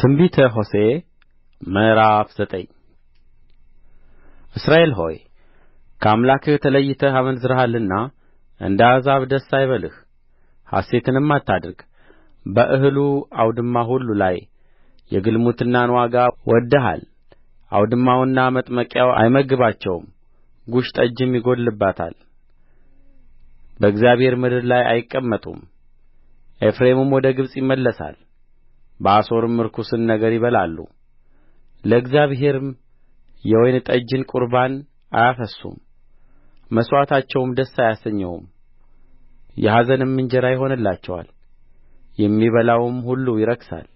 ትንቢተ ሆሴዕ ምዕራፍ ዘጠኝ እስራኤል ሆይ ከአምላክህ ተለይተህ አመንዝረሃልና እንደ አሕዛብ ደስ አይበልህ ሐሤትንም አታድርግ በእህሉ አውድማ ሁሉ ላይ የግልሙትናን ዋጋ ወድደሃል አውድማውና መጥመቂያው አይመግባቸውም ጉሽ ጠጅም ይጐድልባታል በእግዚአብሔር ምድር ላይ አይቀመጡም ኤፍሬምም ወደ ግብጽ ይመለሳል በአሦርም ርኩስን ነገር ይበላሉ ለእግዚአብሔርም የወይን ጠጅን ቁርባን አያፈስሱም መሥዋዕታቸውም ደስ አያሰኘውም የኀዘንም እንጀራ ይሆንላቸዋል የሚበላውም ሁሉ ይረክሳል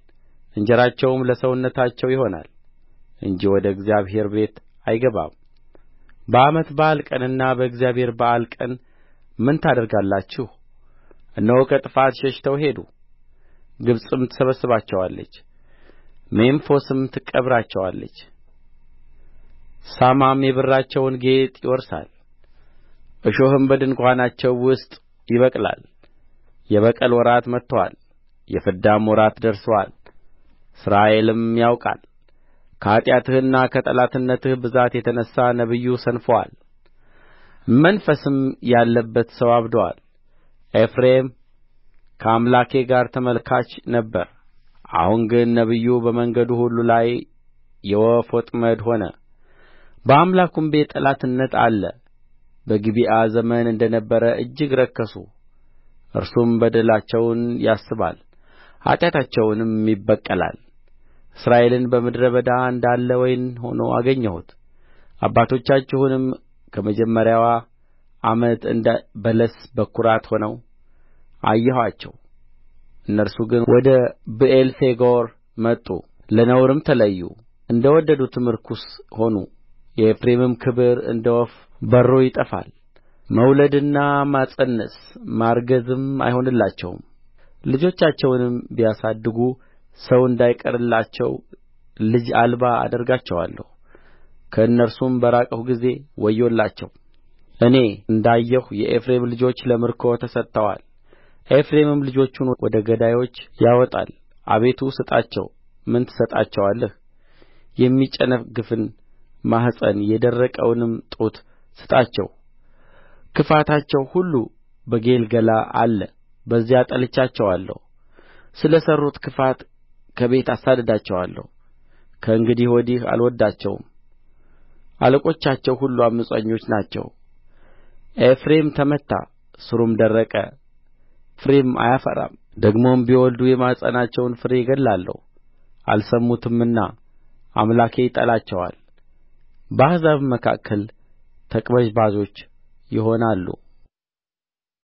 እንጀራቸውም ለሰውነታቸው ይሆናል እንጂ ወደ እግዚአብሔር ቤት አይገባም በዓመት በዓል ቀንና በእግዚአብሔር በዓል ቀን ምን ታደርጋላችሁ እነሆ ከጥፋት ሸሽተው ሄዱ ግብጽም ትሰበስባቸዋለች ሜምፎስም ትቀብራቸዋለች ሳማም የብራቸውን ጌጥ ይወርሳል እሾህም በድንኳናቸው ውስጥ ይበቅላል የበቀል ወራት መጥቶአል የፍዳም ወራት ደርሶአል እስራኤልም ያውቃል ከኃጢአትህና ከጠላትነትህ ብዛት የተነሣ ነቢዩ ሰንፎአል መንፈስም ያለበት ሰው አብዶአል ኤፍሬም ከአምላኬ ጋር ተመልካች ነበረ አሁን ግን ነቢዩ በመንገዱ ሁሉ ላይ የወፍ ወጥመድ ሆነ በአምላኩም ቤት ጠላትነት አለ በጊብዓ ዘመን እንደ ነበረ እጅግ ረከሱ እርሱም በደላቸውን ያስባል ኃጢአታቸውንም ይበቀላል እስራኤልን በምድረ በዳ እንዳለ ወይን ሆኖ አገኘሁት አባቶቻችሁንም ከመጀመሪያዋ ዓመት እንደ በለስ በኵራት ሆነው አየኋቸው እነርሱ ግን ወደ ብዔልፌጎር መጡ ለነውርም ተለዩ እንደ ወደዱትም ርኩስ ሆኑ የኤፍሬምም ክብር እንደ ወፍ በርሮ ይጠፋል መውለድና ማፀነስ ማርገዝም አይሆንላቸውም ልጆቻቸውንም ቢያሳድጉ ሰው እንዳይቀርላቸው ልጅ አልባ አደርጋቸዋለሁ ከእነርሱም በራቅሁ ጊዜ ወዮላቸው እኔ እንዳየሁ የኤፍሬም ልጆች ለምርኮ ተሰጥተዋል ኤፍሬምም ልጆቹን ወደ ገዳዮች ያወጣል አቤቱ ስጣቸው ምን ትሰጣቸዋለህ የሚጨነግፍን ማኅፀን የደረቀውንም ጡት ስጣቸው ክፋታቸው ሁሉ በጌልገላ አለ በዚያ ጠልቻቸዋለሁ ስለ ሠሩት ክፋት ከቤት አሳድዳቸዋለሁ ከእንግዲህ ወዲህ አልወድዳቸውም አለቆቻቸው ሁሉ ዓመፀኞች ናቸው ኤፍሬም ተመታ ሥሩም ደረቀ ፍሬም አያፈራም ደግሞም ቢወልዱ የማኅፀናቸውን ፍሬ እገድላለሁ አልሰሙትምና አምላኬ ይጥላቸዋል በአሕዛብም መካከል ተቅበዝባዦች ይሆናሉ